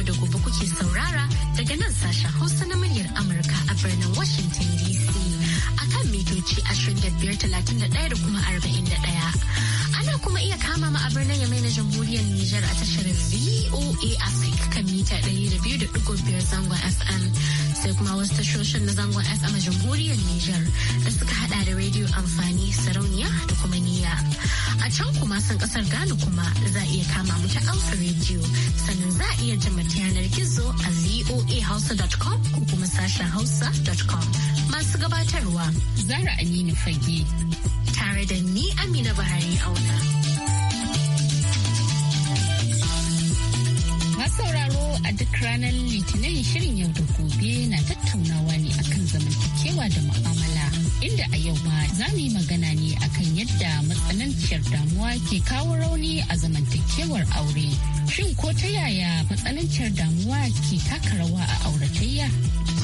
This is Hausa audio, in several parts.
yau da gobe kuke saurara daga nan sashen Hausa na muryar Amurka a birnin Washington DC a kan mitoci 2531 da kuma 41. Ana kuma iya kama mu a birnin Yamai na Jamhuriyar Nijar a tashar VOA Africa kan mita can kuma sun kasar Ghana kuma za iya kama mu ta Alpha Radio sannan za iya jin mu yanar gizo a voahausa.com ko kuma sashen hausa.com masu gabatarwa Zara Aminu Fage tare da ni Amina Bahari Auna. masauraro a duk ranar litinin shirin yau da gobe na tattaunawa ne akan zamantakewa da mu'amala inda a yau ma za mu yi magana ne akan yadda matsananciyar damuwa ke kawo rauni a zamantakewar aure. Shin ko ta yaya matsananciyar damuwa ke taka rawa a auratayya?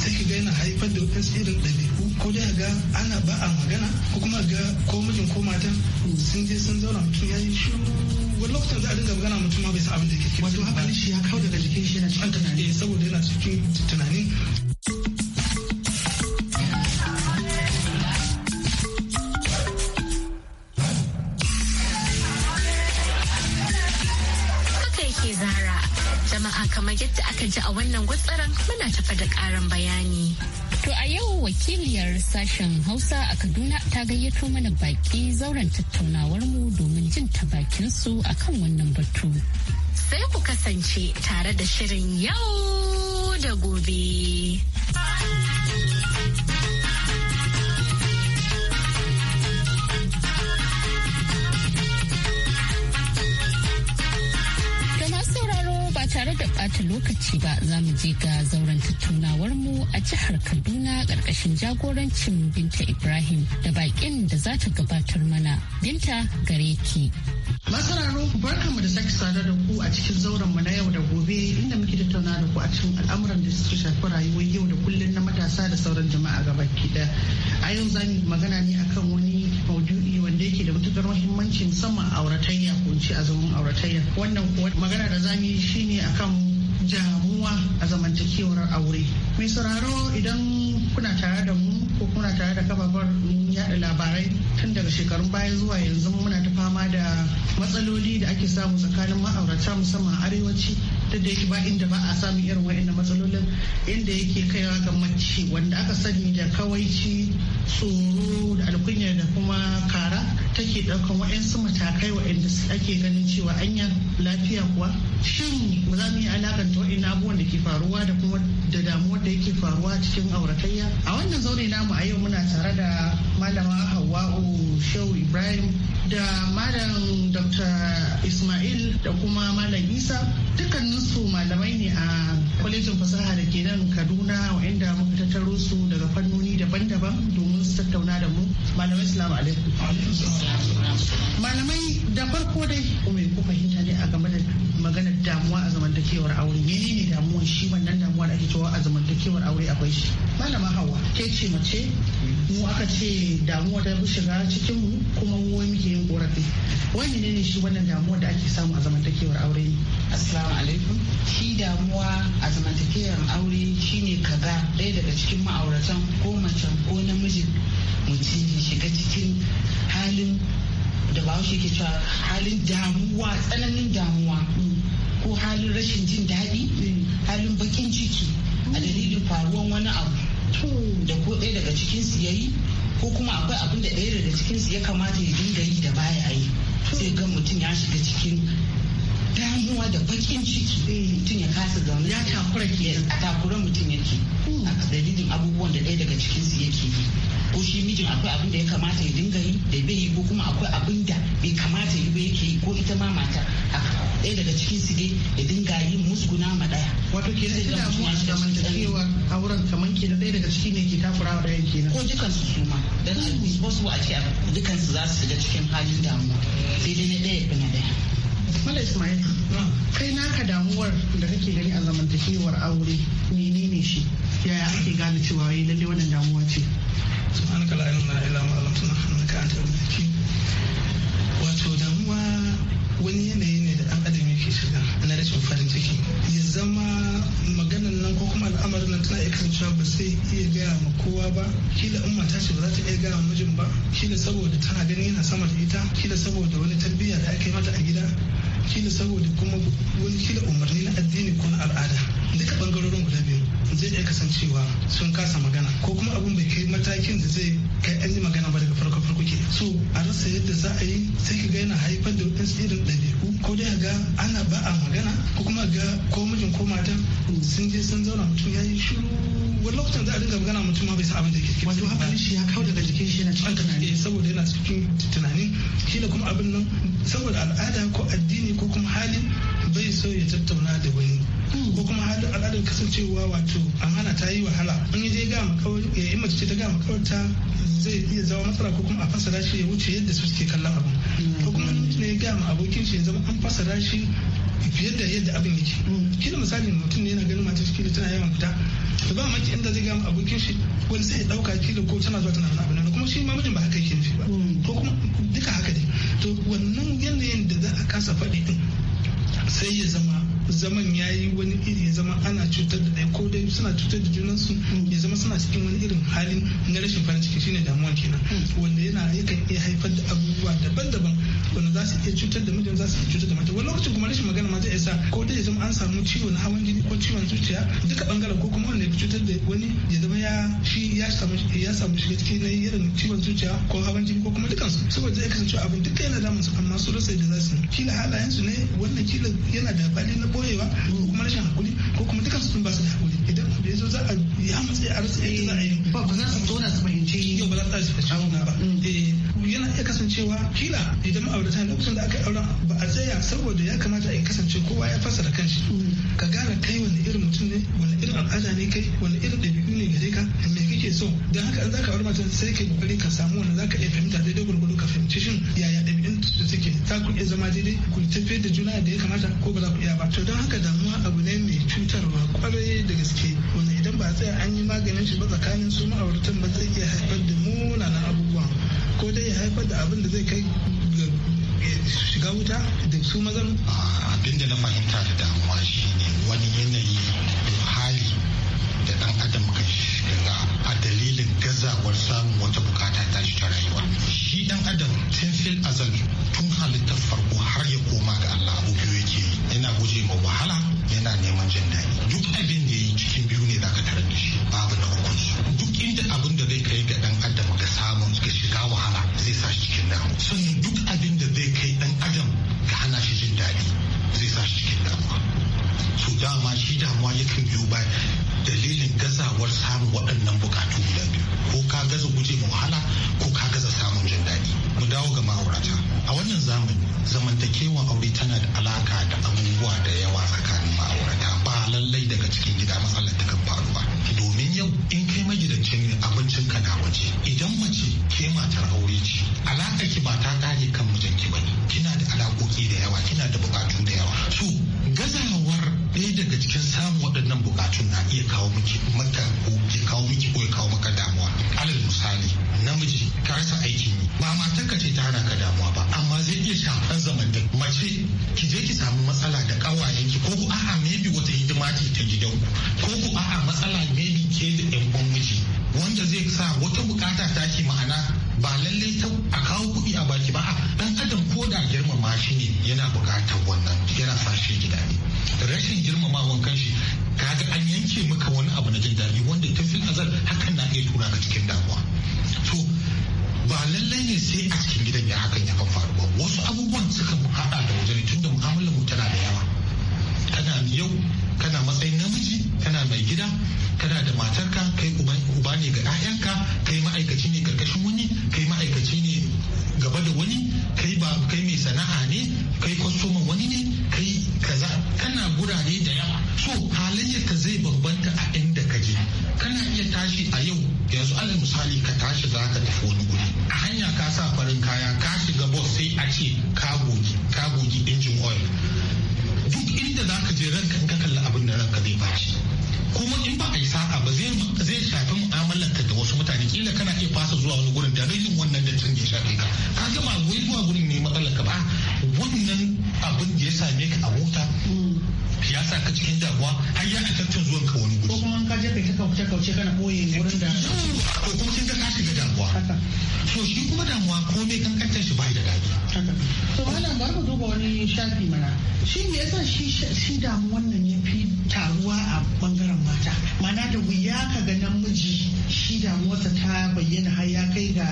sai ga yana haifar da wata irin ɗabi'u ko da ga ana ba a magana ko kuma ga ko mijin ko matan sun je sun zauna mutum ya yi shiru wani lokacin za a dinga magana mutum ma bai san abin da yake wato ne shi ya kawo daga jikin shi yana cikin tunani eh, saboda yana cikin tunani jama'a kamar yadda aka ji a wannan gutsaran muna tafa da karin bayani. To a yau wakiliyar sashen Hausa a Kaduna ta gayyato mana baki zauren tattaunawar mu domin jin ta bakin su akan wannan batu. Sai ku kasance tare da shirin yau da gobe. da bata lokaci ba za mu je ga zauren tattaunawar mu a jihar Kaduna ƙarƙashin jagorancin Binta Ibrahim da baƙin da za ta gabatar mana. Binta gare ki. Masararo barkanmu da sake sada da ku a cikin zauren mu na yau da gobe inda muke tattauna da ku a cikin al'amuran da suka shafi rayuwar yau da kullun na matasa da sauran jama'a gaba ɗaya. A yau za mu magana ne akan wani maudu'i wanda yake da matukar muhimmanci musamman auratayya ko ci a zaman auratayya. Wannan kuwa magana da za mu yi shine akan jamuwa a zamantakewar aure. Mai sauraro idan kuna tare da mu ko kuna tare da kababar yaɗa labarai tun daga shekarun baya zuwa yanzu muna ta fama da matsaloli da ake samu tsakanin ma'aurata musamman arewaci ta da yake ba inda ba a samun irin wa'annan matsalolin inda yake kaiwa ga mace wanda aka sani da kawaici tsoro da alkunya da kuma kara take ɗaukan waɗansu matakai waɗanda ake ganin cewa anya lafiya kuwa shin ba za mu yi alakanta waɗannan abubuwan da ke faruwa da kuma da damuwar da yake faruwa cikin auratayya a wannan zaune namu a yau muna tare da malama hawa'u shehu ibrahim da malam dr ismail da kuma malam isa dukkaninsu malamai ne a kwalejin fasaha da ke nan kaduna waɗanda muka tattaro su daga fannoni daban-daban domin mun tattauna da mu malamai salamu alaikum malamai da farko dai me ku fahimta ne a game da maganar damuwa a zamantakewar aure menene damuwa shi wannan damuwa da ake cewa a zamantakewar aure akwai shi malama hawa ke ce mace mu aka ce damuwa ta bi shiga cikin mu kuma mu wai muke yin korafi wai menene shi wannan damuwa da ake samu a zamantakewar aure ne assalamu alaikum shi damuwa a zamantakewar aure shine kaga ɗaya daga cikin ma'auratan ko mace ko namijin mutum ya shiga cikin halin da ba shi ke cewa halin damuwa tsananin damuwa ko halin rashin jin daɗi halin bakin ciki a dalilin faruwan wani abu da ko ɗaya daga cikinsu ya yi ko kuma akwai abin da ɗaya daga cikinsu ya kamata ya dinga yi da baya yi sai ga mutum ya shiga cikin damuwa da bakin ciki mutum ya kasa zaune ya takura ke a takura mutum yake a dalilin abubuwan da ɗaya daga cikinsu yake yi ko shi mijin akwai abin da ya kamata ya dinga yi da bai yi ko kuma akwai abin da bai kamata yi ba yake yi ko ita ma mata haka ɗaya daga cikin su dai ya dinga yi musguna ma ɗaya. Wato ke da ina mu a cewa auren kamar ke da ɗaya daga ciki ne ke takura wa yake kenan. Ko dukan su su ma dan wasu a ce dukan su za su shiga cikin halin damuwa sai dai na ɗaya ɗin na ɗaya. Mala Ismail, kai naka damuwar da kake gani a zamantakewar aure ne shi? Yaya ake gane cewa yi eh, lalle wannan damuwa ce? Wato damuwa wani yanayi ne da dan adam ke shiga na rashin farin ciki ya zama maganan nan ko kuma al'amarin nan tana iya cewa ba sai iya gaya ma kowa ba kila in mata ce ba za ta iya gaya mijin ba kila saboda tana gani yana sama da ita kila saboda wani tarbiyya da aka yi mata a gida kila saboda kuma wani kila umarni na addini ko na al'ada duka bangarorin guda biyu zai iya kasancewa sun kasa magana ko kuma abin bai kai matakin da zai kai an yi magana ba daga farko farko ke so a rasa yadda za a yi sai ka ga yana haifar da wadansu irin ɗabi'u ko dai ga ana ba a magana ko kuma ga ko mijin ko matan sun je sun zauna mutum ya yi shiru wani lokacin za a dinga magana mutum ma bai san abin da yake wato hankalin shi ya kawo daga jikin shi na cikin tunani eh, saboda yana cikin tunani kila kuma abin nan saboda al'ada ko addini ko kuma hali bai so ya tattauna da wani ko kuma halin al'adar kasancewa wato amana ta yi wahala in je ga makawarta ya yi mace ta ga makawarta zai iya zama matsala ko kuma a fasara shi ya wuce yadda su suke kallon abu ko kuma ne ya ga ma abokin shi ya zama an fasara shi fiye da yadda abin yake kila misali mutum ne yana ganin mata shi kila tana yawan fita to ba maki inda zai gama abokin shi wani sai ya dauka kila ko tana zuwa tana abin nan kuma shi ma mijin ba haka yake nufi ba ko kuma duka haka ne to wannan yanayin da za a kasa faɗi din sai ya zama zaman ya yi wani iri ya zama ana cutar da ɗaya ko dai suna cutar da junansu ya zama suna cikin wani irin halin na rashin farin ciki shine damuwa kenan hmm. wanda yana yakan iya haifar da abubuwa daban-daban wanda za su iya cutar da mijin za su iya cutar da mata wani lokacin kuma rashin magana ma zai isa ko dai ya zama an samu ciwo na hawan jini ko ciwon zuciya duka bangaren ko kuma wanda ya cutar da wani ya zama ya shi ya samu ya samu shiga cikin na irin ciwon zuciya ko hawan jini ko kuma dukansu saboda zai kasance abin duka yana damun su amma su rasa yadda za su kila su ne wannan kila yana da bali na boyewa ko kuma rashin hakuri ko kuma dukansu sun ba su da hakuri idan ba ya zo za a ya matsayi a rasa yadda za a yi ba ba za su zauna su fahimci yau ba za su fahimci ba mm. eh, yana iya kasancewa kila idan ma'aurata lokacin da aka daura ba a tsaya saboda ya kamata in kasance kowa ya fassara kanshi ka gane kai wani irin mutum ne wani irin al'ada ne kai wani irin ɗabi'u ne gare ka me kake so don haka in zaka aure mata sai kai kokari ka samu wanda zaka iya fahimta daidai gurgudu ka fahimci shin yaya ɗabi'un da suke ta ku iya zama daidai ku tafiyar da juna da ya kamata ko ba za ku iya ba to don haka damuwa abu ne mai cutarwa kwarai da gaske wanda idan ba a tsaya an yi maganin shi ba tsakanin su ma'auratan ba zai iya haifar da munanan abubuwa ko dai ya haifar da abin da zai kai shiga wuta da su mazan? abin da na fahimta da damuwa shine wani yanayi hali da dan adam kan shiga a dalilin gazawar samun wata bukata ta shi ta rayuwa shi dan adam tun fil azal tun halittar farko har ya koma ga Allah abu biyu yake yana guje ma wahala yana neman jin daɗi duk abin da yi cikin biyu ne zaka tarar da shi babu na uku duk inda abin da zai kai ga dan adam ga samun ga shiga wahala zai sa shi cikin damu sannan duk abin da zai kai dan adam ga hana shi jin daɗi zai sa shi cikin damuwa Su dama shi damuwa yakan biyo ba dalilin gazawar samun waɗannan bukatu guda biyu ko ka gaza guje ma wahala ko ka gaza samun jin daɗi mu dawo ga ma'aurata a wannan zamani zamantakewan aure tana da alaka da abubuwa da yawa tsakanin ma'aurata ba lallai daga cikin gida matsalar ta kan faruwa yau in kai magidancin ne abincin ka na waje idan mace ke matar aure ce alaƙar ki ba ta kare kan mijinki ba ne kina da alaƙoƙi da yawa kina da buƙatu da yawa so gazawar ɗaya daga cikin samun waɗannan bukatun na iya kawo miki maka ko ya kawo miki ko ya kawo maka damuwa alal misali namiji ka rasa aikin yi ba ka ce ta hana ka damuwa ba amma zai iya shafan da mace ki je ki samu matsala da kawayen ki ko ku a'a maybe wata hidima ce ta ku ko ku a'a matsala maybe ke da yan uwan miji wanda zai sa wata bukata ta ki ma'ana ba lallai ta a kawo kuɗi a baki ba dan adam ko da girmama shi ne yana buƙatar wannan yana sa shi gida ne rashin girmamawan kanshi kaga an yanke maka wani abu na jin daɗi wanda tafin azal hakan na iya tura ka cikin damuwa to ba lallai ne sai a cikin gidan ya hakan ya kan faru ba wasu abubuwan suka hada da wajen tun da mu'amalar mu tana da yawa kana yau kana matsayin namiji kana mai gida kana da matarka kai uba ne ga 'ya'yanka kai ma'aikaci ne karkashin wani kai ma'aikaci ne gaba da wani kai ba kai mai sana'a ne kai kwastoman wani ne kai kaza kana gurare da yawa so halayyarka zai bambanta a 'yan je kana iya tashi a yau yanzu alal misali ka tashi za ka tafi wani guri a hanya ka sa farin kaya ka shiga bus sai a ce ka goge ka goge injin oil duk inda za ka je ranka ka kalli abin da ranka zai baci kuma in ba a yi sa'a ba zai shafi mu'amalarka da wasu mutane kila kana iya fasa zuwa wani gurin da rashin wannan da cin ya shafe ka ka gama wai zuwa gurin ne matsalar ka ba wannan abin da ya same ka a mota ya sa ka cikin damuwa har ya tun zuwan ka wani guri ko kuma an ka kai kai kauce kauce kana boye wurin da ko kuma kin ga ka shiga damuwa to shi kuma damuwa ko me kanta shi bai da dadi to malam ba mu duba wani shafi mana shi me yasa shi shi damuwan nan ya fi taruwa a bangaren mata mana da wuya ka ga namiji shi damuwarsa ta bayyana har ya kai ga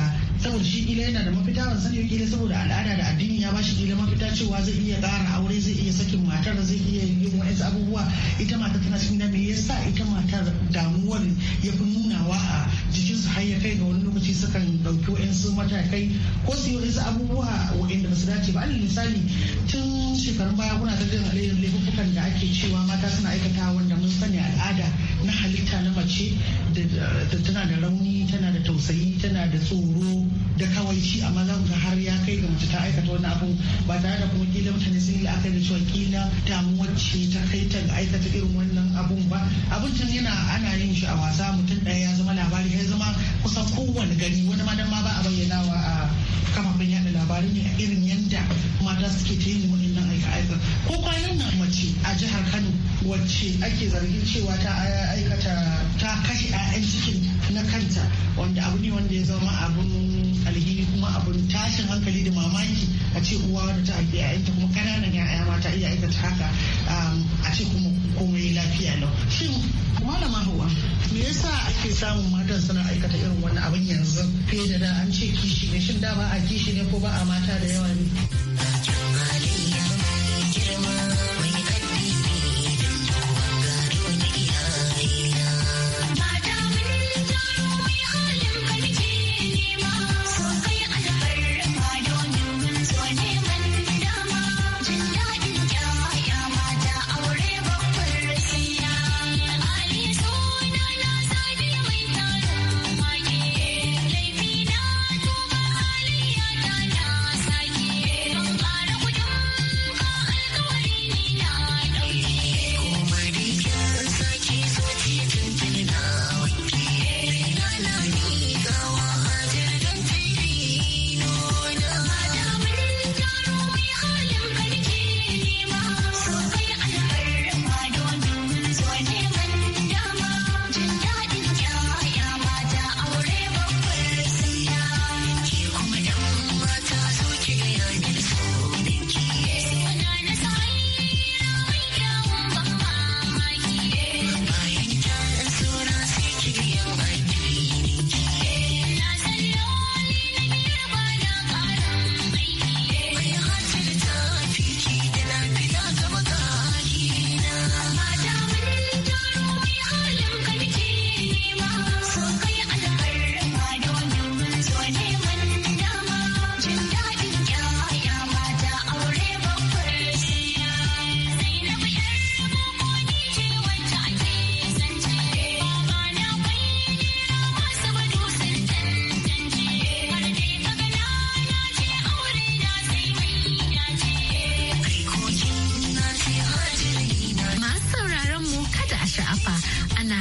saboda shi kila yana da mafita ban sani kila saboda al'ada da addini ya bashi kila mafita cewa zai iya tsara aure zai iya sakin matar zai iya yin wa'ansu abubuwa ita matar tana cikin da me yasa ita matar damuwar ya fi nunawa a jikinsu har ya kai ga wani lokaci sukan ɗauki wa'ansu matakai ko su yi wa'ansu abubuwa wa'anda ba su dace ba alal misali tun shekarun baya kuna ta jin alayyar laifukan da ake cewa mata suna aikata wanda mun sani al'ada na halitta na mace da tana da rauni tana da tausayi tana da tsoro da shi amma za ga har ya kai ga mace ta aikata wani abu ba tare da kuma kila mutane sun yi la'akari da cewa kila damuwar ce ta kai ta ga aikata irin wannan abun ba abun can yana ana yin shi a wasa mutum ɗaya ya zama labari ya zama kusan kowane gari wani ma dan ma ba a bayyana wa a kafafen labarai ne irin yadda mata suke ta yin waɗannan aika-aika ko kwanan nan mace a jihar kano wacce ake zargin cewa ta aikata ta kashe 'ya'yan cikin na kanta wanda abu ne wanda ya zama abun alhini kuma abun tashin hankali da mamaki a ce uwa da ta haifi 'ya'yanta kuma kananan 'ya'ya mata iya aikata haka um, a ce kuma komai lafiya lau shin malama hawa me yasa ake samun matan suna aikata irin wani abin yanzu fiye da da an ce kishi ne shin da ba a kishi ne ko ba a mata da yawa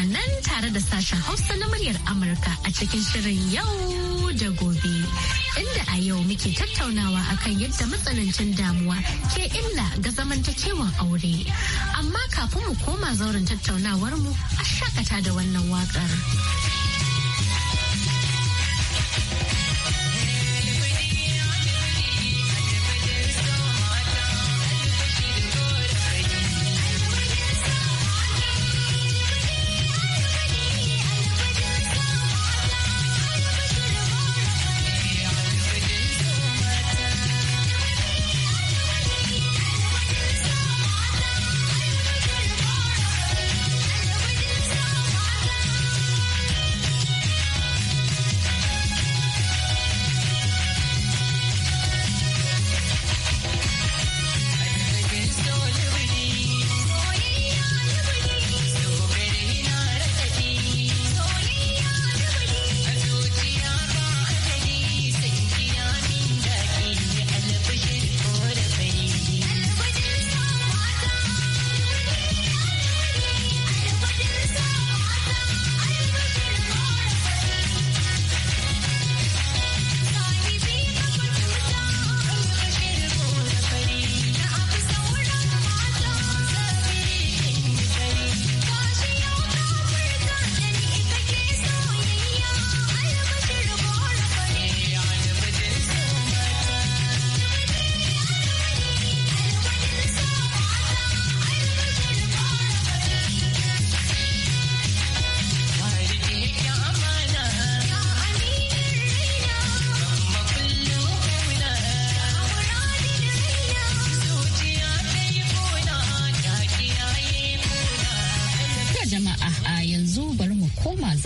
nan tare da sashen Hausa na muryar Amurka a cikin shirin yau da gobe. Inda a yau muke tattaunawa akan yadda matsanancin damuwa ke illa ga zamantakewan aure. Amma kafin mu koma zauren tattaunawar mu a shakata da wannan waƙar.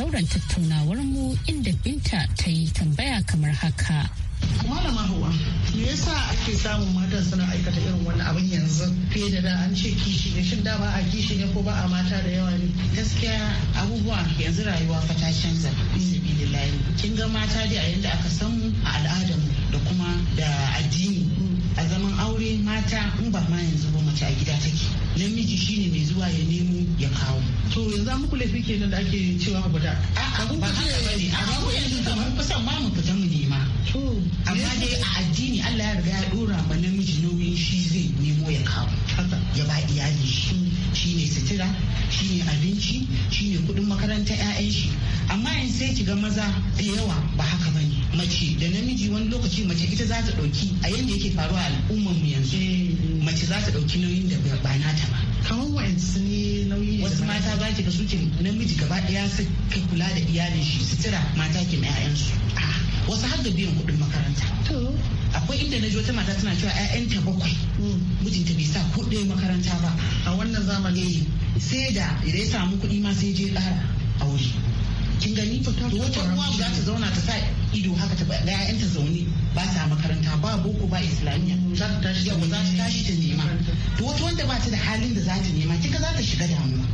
zauren tattaunawar mu inda binta ta yi tambaya kamar haka. Malama Hauwa, me yasa ake samun matan suna aikata irin wani abin yanzu fiye da da an ce kishi ne shin da ba a kishi ne ko ba a mata da yawa ne? Gaskiya abubuwa yanzu rayuwa fa ta canza bisabilillahi. Kin ga mata dai a yanda aka san mu a al'adar mu da kuma da addini a zaman aure mata in ba ma yanzu ba mace a gida take namiji shine mai zuwa ya nemo ya kawo to yanzu muku laifi kenan da ake cewa ku da a a ba haka bane a ba ku yanzu kamar kusan ma mu fita mu nema to amma dai a addini Allah ya riga ya dora ba namiji nauyin shi zai nemo ya kawo ya ba iyali shi shine sutura shine abinci shine kudin makarantar 'ya'yan shi amma in sai ga maza da yawa ba lokaci mace ita za ta ɗauki a yadda yake faruwa al'ummar mu yanzu mm. mace za ta ɗauki nauyin da ba na ta ba kamar wa'in su ne nauyi wasu mata za ki ga suke namiji gaba ɗaya su kula da iyalin shi tira mata ke na 'ya'yansu ah. wasu har da biyan kuɗin makaranta akwai inda na ji wata mata tana cewa 'ya'yanta bakwai mm. mijinta bai sa kuɗin makaranta ba a wannan zamani eh, sai da ya samu kuɗi ma sai je ƙara aure kin gani wata uwa za ta zauna ta sa ido haka ta ga ƴaƴanta zaune ba ta makaranta ba boko ba islamiyya za ta tashi yau za ta tashi ta nema to wata wanda ba ta da halin da za ta nema kika za ta shiga damuwa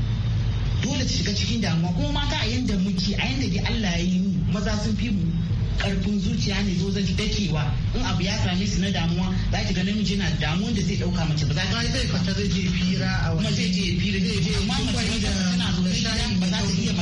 dole ta shiga cikin damuwa kuma mata a yanda muke a yanda dai Allah ya yi mu maza sun fi mu karfin zuciya ne zo zan dakewa in abu ya same su na damuwa za ki ga namiji na damuwan da zai dauka mace ba za ta zai kwata zai je fira a wani zai je fira zai je amma mace tana zo ba za ta iya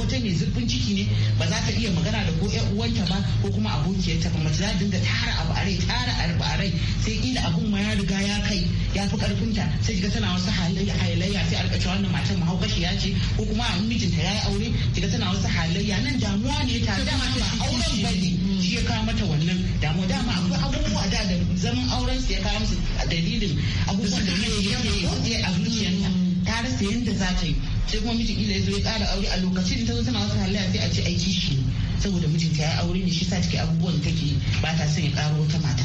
wata mai zurfin ciki ne ba za ta iya magana da ko yan uwanta ba ko kuma abokiyarta ba mace za ta dinga tara abu a rai tara abu a rai sai inda abun ma ya riga ya kai ya fi karfinta sai kiga tana wasu halayya sai a rika cewa wannan matan ya ce ko kuma a mijinta ya yi aure kiga tana wasu halayya nan damuwa ne ta dama ba auren bane shi ya kawo mata wannan damuwa dama akwai abubuwa da da zaman auren su ya kawo musu dalilin abubuwan da ne ya yi a zuciyarta ta rasa yadda za ta yi sai kuma mijin ila zai zo ya ƙara aure a lokacin ta zo tana wata halayya sai a ce aiki shi saboda mijinta ya aure ne shi sa take abubuwan take ba ta son ya ƙaro wata mata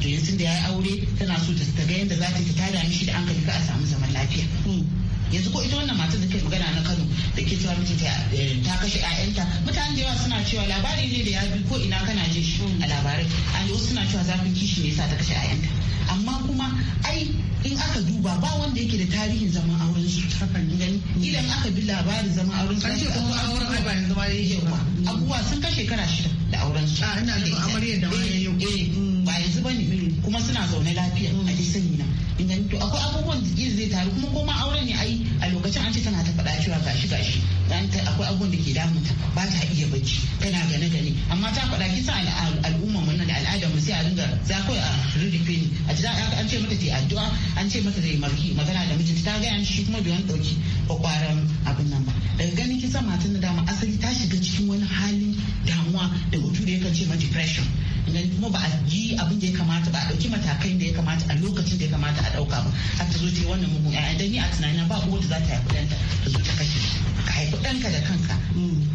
to yanzu da ya yi aure tana so ta ga yadda za ta ta tada mishi da hankali ka a samu zaman lafiya hmm. yanzu ko ita wannan matar da ke magana na kano da ke cewa mijinta eh, ta kashe 'ya'yanta mutane da yawa suna cewa labari ne da ya bi ko ina kana jin shi a labarai a yau suna cewa zafin kishi ne yasa ta kashe 'ya'yanta amma kuma ai in aka duba ba wanda yake da tarihin zaman auren su gani idan aka bi labarin zaman auren su an ce kuma auren ai ba yanzu ba yake ba abubuwa sun kai shekara shida da auren su Ana da amarya da wani yau eh, eh, ba yanzu bane mm. kuma suna zaune lafiya a dai sani na idan to akwai abubuwan da zai taru kuma koma auren ne ai a lokacin an ce tana ta faɗa cewa gashi gashi dan akwai abubuwan da ke damunta ba ta iya bacci tana gane gane amma ta faɗa kisa al'umma mun da al'ada mu sai a dinga za ko a rudufe ni a ji an ce mata ta yi addu'a an ce mata ta yi magana da mijinta ta gaya shi kuma bai wani ɗauki kwakwaran abin nan ba daga ganin kisa matan da dama asali ta shiga cikin wani halin damuwa da da yakan ce ma depression idan kuma ba a yi abin da ya kamata ba a ɗauki matakai da ya kamata a lokacin da ya kamata a ɗauka ba har ta zo ta yi wannan mugun ya'ya idan ni a tunanina ba uwa da za ta haifi ɗanta ta zo ta kashe ka haifi ɗanka da kanka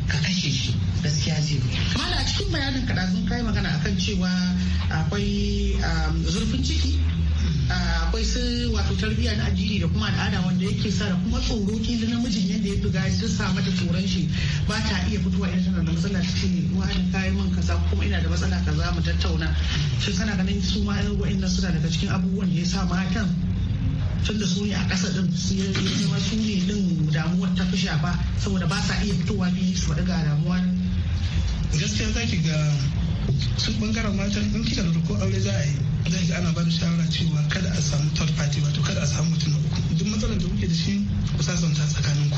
ka kashe shi gaskiya zai yi. Mala a cikin bayanin ka sun kai magana akan cewa akwai um, zurfin ciki akwai su wato tarbiyya na addini da kuma al'ada wanda yake sa da kuma tsoro kila namijin yadda ya buga ya sa mata tsoron shi ba ta iya fitowa in tana da matsala ta ce wani kayan man kaza kuma ina da matsala kaza mu tattauna shi kana ganin su ma nan suna daga cikin abubuwan da ya sa matan tunda su ne a ƙasa din su ya zama su ne din damuwar ta fi shafa saboda ba sa iya fitowa biyu su faɗi ga damuwa gaskiya zaki ga su bangaren matan ɗauki da ko aure za a yi zai ga ana ba da shawara cewa kada a samu third party wato kada a samu mutum na uku duk matsalar da kuke da shi ku sasanta tsakanin ku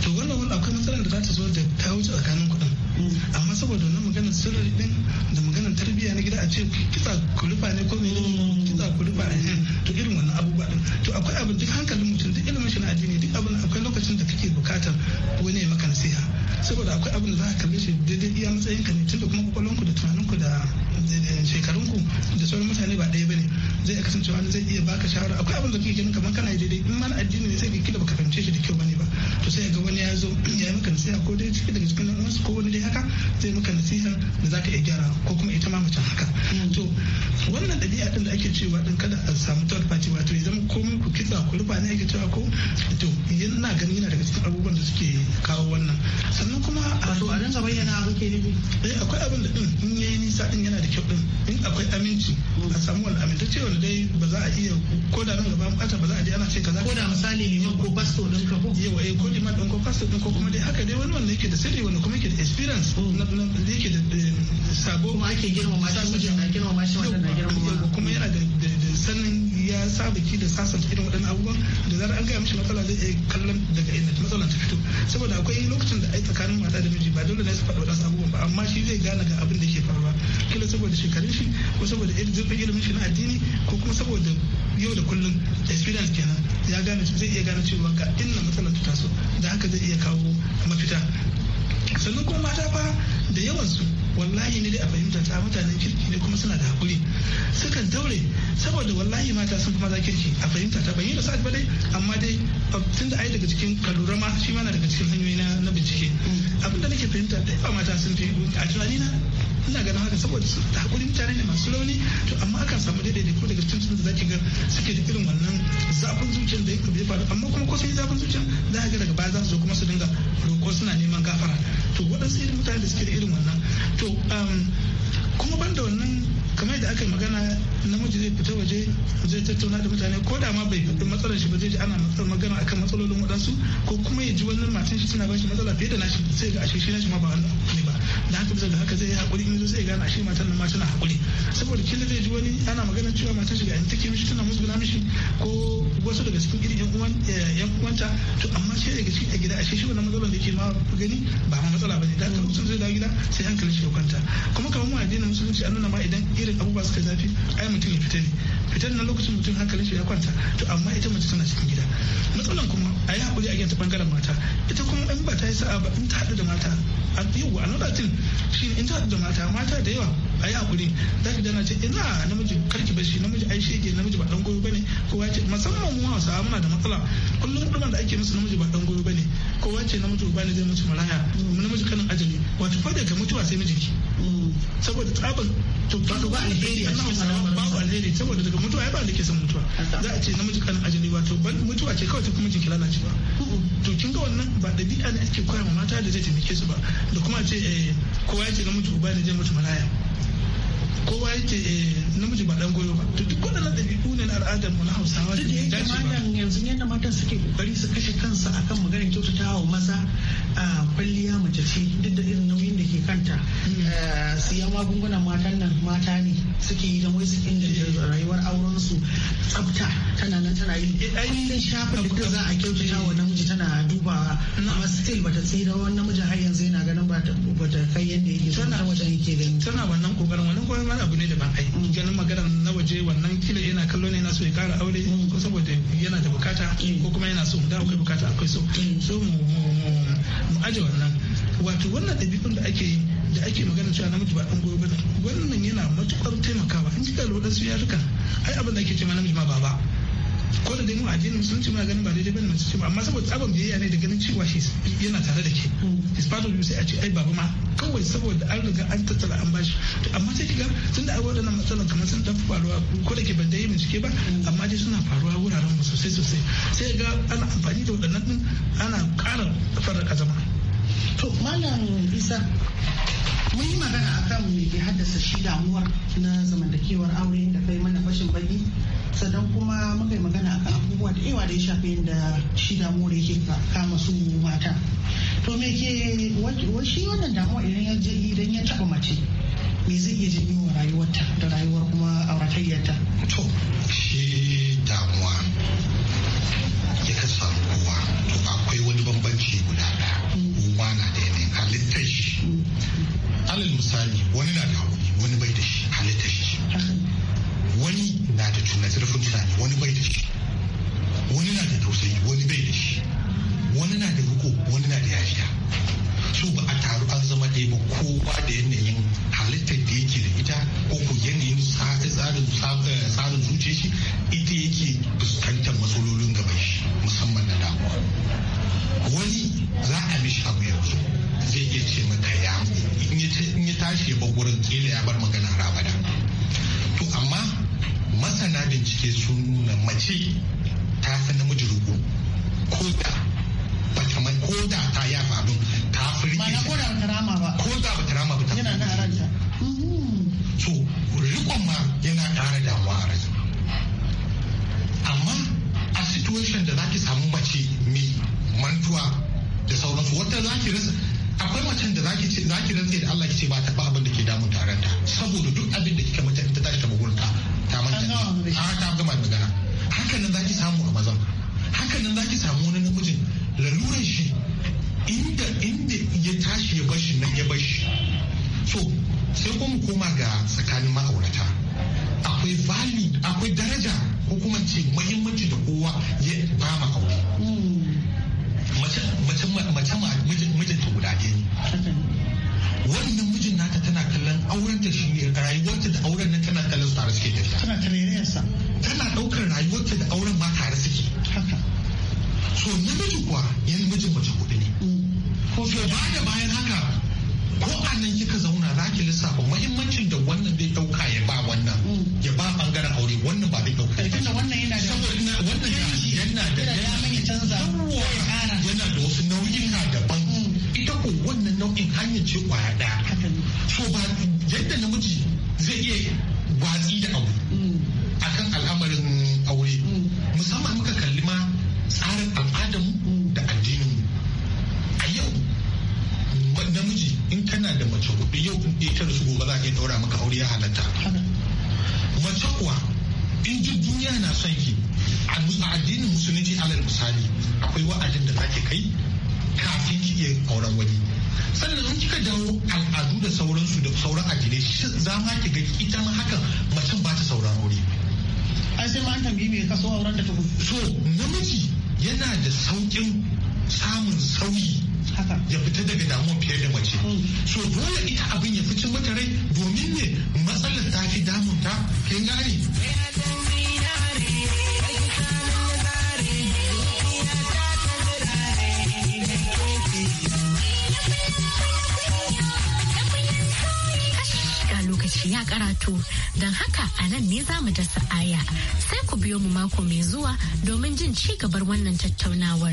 to wannan wani akwai matsalar da za ta zo da ta wuce tsakanin ku din mm. amma saboda wannan maganar sirri din da maganar tarbiyya na gida a ce kitsa ku rufa ne ko mene mm. kitsa ku rufa ne to irin wannan abubuwa din to akwai abin duk hankalin mutum duk ilimin shi na addini duk abin akwai lokacin da kake bukatar wani ya maka nasiha saboda akwai abin da za ka kalle shi daidai iya matsayin ka ne tunda kuma ku da tunanin Shekarunku da sauran mutane ba ɗaya bane zai kasance wani zai iya baka shawara akwai abin da kake ganin kamar kana daidai in mana addini ne sai kila baka fahimce shi da kyau bane ba to sai ga wani ya zo ya yi maka nasiha ko dai ciki daga cikin nan wasu ko wani dai haka zai maka nasiha da za ka iya gyara ko kuma ita ma macen haka mm. to wannan ɗabi'a din da ake cewa din kada a samu third party wato ya zama komai ku kitsa ku rufa ne ake cewa ko to yana ganin yana daga cikin abubuwan da suke kawo wannan sannan kuma a to a dinga bayyana abu ke nufi eh akwai abin da din in yayi nisa din yana da kyau din in akwai aminci a samu wani amintacce wanda dai ba za a iya ko da nan gaba bata ba za a je ana ce kaza ko da misali liman ko pasto din ka ko yawa eh ko liman din ko pasto din ko kuma dai haka dai wani wanda yake da sirri wanda kuma yake da experience hmm. na da yake da sabo kuma ake girmama shi mijin na girmama shi wanda na girmama kuma yana da sanin ya saba ki da sasanta irin waɗannan abubuwan da zarar an gaya mishi matsala zai iya kallon daga inda matsalan ta fito saboda akwai lokacin da ai tsakanin mata da miji ba dole ne su faɗa waɗansu abubuwan ba amma shi zai gane ga abin da ke faruwa kila saboda shekarun shi ko saboda zurfin ilimin shi na addini ko kuma saboda yau da kullum experience kenan ya gane su zai iya gane cewa ga inna matsalar ta taso da haka zai iya kawo mafita sannan kuma mata fa da yawan su wallahi ne dai a fahimta ta mutanen kirki ne kuma suna da hakuri sukan daure saboda wallahi mata sun kuma za kirki a fahimta ta bayyana sa'ad ba dai amma dai tun da ai daga cikin kalura ma shi ma na daga cikin hanyoyi na bincike mm. abinda nake fahimta da ba mata sun fi a tunani na ina ganin haka saboda su hakuri mutane ne masu rauni to amma akan samu daidai ko daga cikin da zaki ga suke da irin wannan zafin zuciyar da yake faru amma kuma ko sai zafin zuciyar za ga daga baya za su zo kuma su dinga roƙo suna neman gafara to waɗansu irin mutane da suke da irin wannan to Um, kuma ban wannan kamar yadda aka yi magana namiji zai fita waje zai tattauna da mutane ko da ma bai faɗi matsalar shi ba zai ji ana magana akan matsalolin waɗansu ko kuma ya ji wani matan shi tana bashi matsala fiye da nashi sai ga ashe shi nashi ma ba wannan ne ba da haka bisa ga haka zai yi hakuri in zo sai gane ashe matan nan ma tana hakuri saboda kila zai ji wani ana magana cewa matan shi ga yanzu take mishi tana musguna mishi ko wasu daga cikin irin yan eh, uwanta to amma shi daga cikin a gida ashe shi wannan matsalar da yake ma gani ba ma matsala ba ne da haka lokacin zai dawo gida sai hankalin shi ya kwanta kuma kamar mu addinin musulunci an nuna ma idan irin irin abubuwa suka zafi ai mutum ya fita ne fitar na lokacin mutum hankalin shi ya kwanta to amma ita mace tana cikin gida matsalan kuma a yi haƙuri a gyanta bangaren mata ita kuma in ba ta yi sa'a ba in ta haɗu da mata a yau a nan shi in ta haɗu da mata mata da yawa ayi hakuri za ki jana ce ina namiji karki bashi namiji ai shi yake namiji ba dan goyo bane kowa ce musamman mu wasa amma da matsala kullum kuduman da ake musu namiji ba dan goyo bane kowa ce namiji ba ne zai mutu maraya namiji kanin ajali wato fa daga mutuwa sai ki saboda tsaban to ba ba alheri a cikin ba babu alheri saboda daga mutuwa ya ba da ke san mutuwa za a ce namiji kanin ajali wato mutuwa ce kawai ta kuma jinki ba to kin ga wannan ba dabi'a ne ake koya ma mata da zai taimake su ba da kuma ce eh, kowa ya ce namiji ba ne zai mutu maraya kowa yake eh, namiji ba dan goyo ba to duk waɗannan ɗabi'u ne na al'adar mu na Hausawa da ya dace ba yanzu yadda matan suke kokari su kashe kansu akan maganar kyautata wa maza a kwalliya mace ce duk da irin nauyin da ke kanta hmm. eh, siyan magungunan matan nan mata ne suke yi don wai su inganta rayuwar aurensu tsafta tana nan tana yi eh, ainihin shafin da za a kyautata wa namiji tana dubawa amma still bata tsira wani namiji har yanzu yana ganin bata kai yadda yake tana wajen yake gani tana wannan kokarin wannan kokarin wani abu ne da ban ai ganin magana na waje wannan kila yana kallo ne yana so ya kara aure ko saboda yana da bukata ko kuma yana so da akwai bukata akwai so mm. so mu aje wannan wato wannan ɗabi'un da ake yi da ake magana cewa namiji ba ɗan goyo ba wannan yana matukar taimakawa in kika lura su yaruka ai abin da ake cewa namiji ma baba ko da dai mu addinin musulunci muna ganin ba daidai ba mace ce ba amma saboda tsabon biyayya ne da ganin cewa shi yana tare da ke his part of you sai a ce ai baba ma kawai saboda an riga an tattara an bashi to amma sai kiga tun da waɗannan matsalan kamar sun tafi faruwa ko da ke ban dai bincike ba amma dai suna faruwa wuraren mu sosai sosai sai ga ana amfani da waɗannan din ana ƙara fara zama to malam isa mun yi magana akan me ke haddasa shi damuwar na zamantakewar aure da kai mana fashin baki sannan kuma muka yi magana akan abubuwa da yawa da ya shafi yadda shi damuwar yake kama su mata to me ke shi wannan damuwa idan ya je idan ya taba mace me zai iya janyo wa rayuwarta da rayuwar kuma auratayyarta to shi damuwa ya kasa kowa to akwai wani bambanci guda ɗaya. Hmm. kowa na da yanayin halittar shi alal misali wani na da haƙuri wani bai da shi halittar shi wani na da zurfin tunani wani bai da shi wani na da tausayi wani bai da shi wani na da riko wani na da yariya so ba a taru an zama ɗaya ba kowa da yanayin halittar da yake da ita ko ko yanayin eh, tsarin zuciya shi ita yake fuskantar matsalolin gaban shi musamman na damuwa wani za a mishi abu yanzu zai iya ce maka ya in ya tashi ba gurin kila ya bar magana rabada to amma masana bincike sun nuna mace ta fi namiji rubu ko da bata man ko da ta ya abin ta fi rike ko da bata rama ba ko da bata rama ba ta yana na ranta so rikon ma yana kara damuwa a rai amma a situation da za ki samu mace mai mantuwa da sauransu wata za ki rasa akwai macen da za ce rantse da Allah ki ce ba ta ba abin da ke damun taron saboda duk abin da kika mace ta tashi ta mugunta ta manta a ta gama magana hakan nan ki samu a mazan hakan nan ki samu wani namijin laluran shi inda inda ya tashi ya bashi nan ya bashi so sai kuma koma ga tsakanin ma'aurata akwai value akwai daraja ko kuma ce muhimmanci da kowa ya ba ma aure mm. mace mijinta guda wannan mijin nata tana kallon aurenta shi ne rayuwarta da auren nan tana kallon su tare suke tafiya tana tana ɗaukar rayuwarta da auren ma tare suke so namiji kuwa yan mijin mace hudu ne mm. ko fiye ba da bayan haka ko a nan kika zauna za ki lissafa muhimmancin da wannan zai ɗauka ya ba wannan mm. ya ba bangaren aure wannan 你就不爱 za ma ki ga ita ma hakan macen ba ta sauran aure ai sai ma an tambayi me kaso auren da ta so namiji yana da saukin samun sauyi ya fita daga damuwa fiye da mace mm. so dole ita abin ya fice mata rai domin ne matsalar ta fi damunta kin gane karatu Don haka a nan ne za mu dasa aya sai ku biyo mu mako mai zuwa domin jin ci gabar wannan tattaunawar.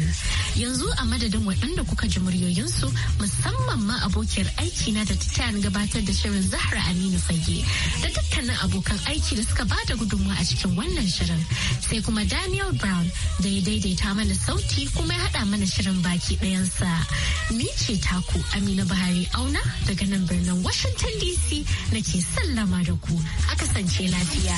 Yanzu a madadin waɗanda kuka ji muryoyinsu musamman ma abokiyar aiki na da tattayan gabatar da shirin Zahra Aminu Fage da dukkanin abokan aiki da suka bada gudunmawa a cikin wannan shirin. Sai kuma Daniel Brown da ya daidaita mana sauti kuma ya haɗa mana shirin baki ɗayansa. Ni ce taku Amina Buhari Auna daga nan birnin Washington DC nake sallama da ku. kasance lafiya.